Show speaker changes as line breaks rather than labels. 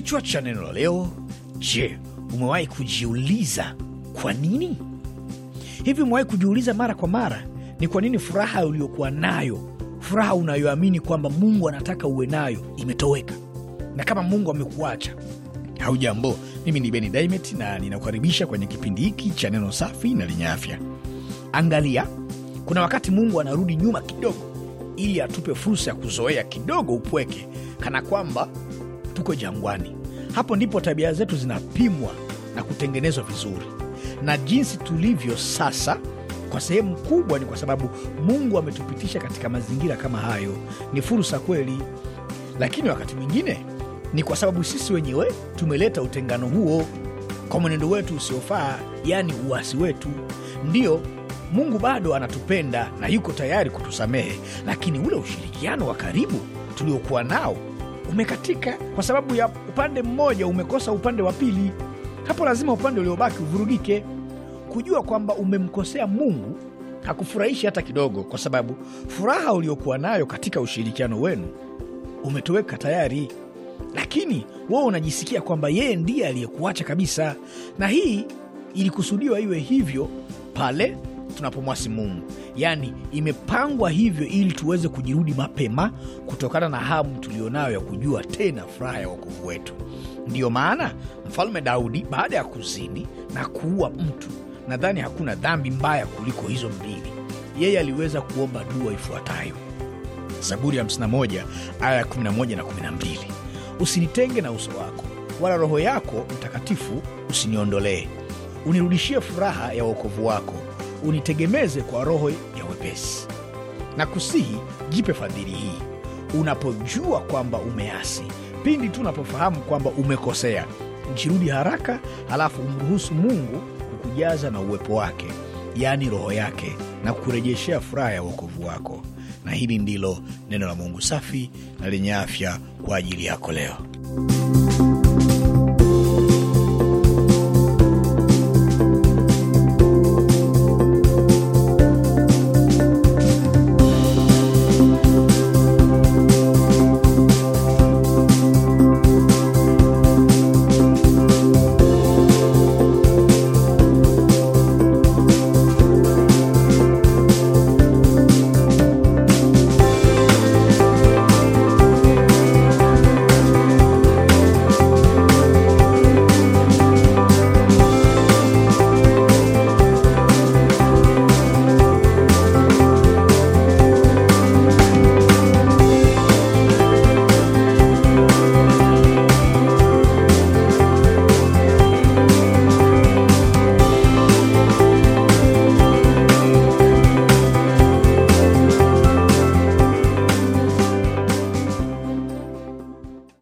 Kichwa cha neno la leo: Je, umewahi kujiuliza kwa nini? Hivi umewahi kujiuliza mara kwa mara ni kwa nini furaha uliyokuwa nayo, furaha unayoamini kwamba Mungu anataka uwe nayo imetoweka? Na kama Mungu amekuacha Haujambo, mimi ni Beni Daimet na ninakukaribisha kwenye kipindi hiki cha neno safi na lenye afya. Angalia, kuna wakati Mungu anarudi nyuma kidogo ili atupe fursa ya kuzoea kidogo upweke, kana kwamba tuko jangwani. Hapo ndipo tabia zetu zinapimwa na kutengenezwa vizuri, na jinsi tulivyo sasa kwa sehemu kubwa ni kwa sababu Mungu ametupitisha katika mazingira kama hayo. Ni fursa kweli, lakini wakati mwingine ni kwa sababu sisi wenyewe tumeleta utengano huo kwa mwenendo wetu usiofaa, yaani uasi wetu. Ndiyo, Mungu bado anatupenda na yuko tayari kutusamehe, lakini ule ushirikiano wa karibu tuliokuwa nao umekatika kwa sababu ya upande mmoja umekosa upande wa pili. Hapo lazima upande uliobaki uvurugike. Kujua kwamba umemkosea Mungu hakufurahishi hata kidogo, kwa sababu furaha uliokuwa nayo katika ushirikiano wenu umetoweka tayari, lakini wewe unajisikia kwamba yeye ndiye aliyekuacha kabisa, na hii ilikusudiwa iwe hivyo pale tunapomwasi Mungu. Yaani imepangwa hivyo ili tuweze kujirudi mapema kutokana na hamu tulionayo ya kujua tena furaha ya wokovu wetu. Ndiyo maana mfalme Daudi baada ya kuzini na kuua mtu, nadhani hakuna dhambi mbaya kuliko hizo mbili, yeye aliweza kuomba dua ifuatayo, Zaburi ya 51 aya ya 11 na 12: usinitenge na uso wako, wala Roho yako Mtakatifu usiniondolee, unirudishie furaha ya uokovu wako unitegemeze kwa roho ya wepesi. Na kusihi jipe fadhili hii unapojua kwamba umeasi. Pindi tu unapofahamu kwamba umekosea, mjirudi haraka, halafu umruhusu Mungu kukujaza na uwepo wake, yaani roho yake, na kukurejeshea furaha ya uokovu wako. Na hili ndilo neno la Mungu safi na lenye afya kwa ajili yako leo.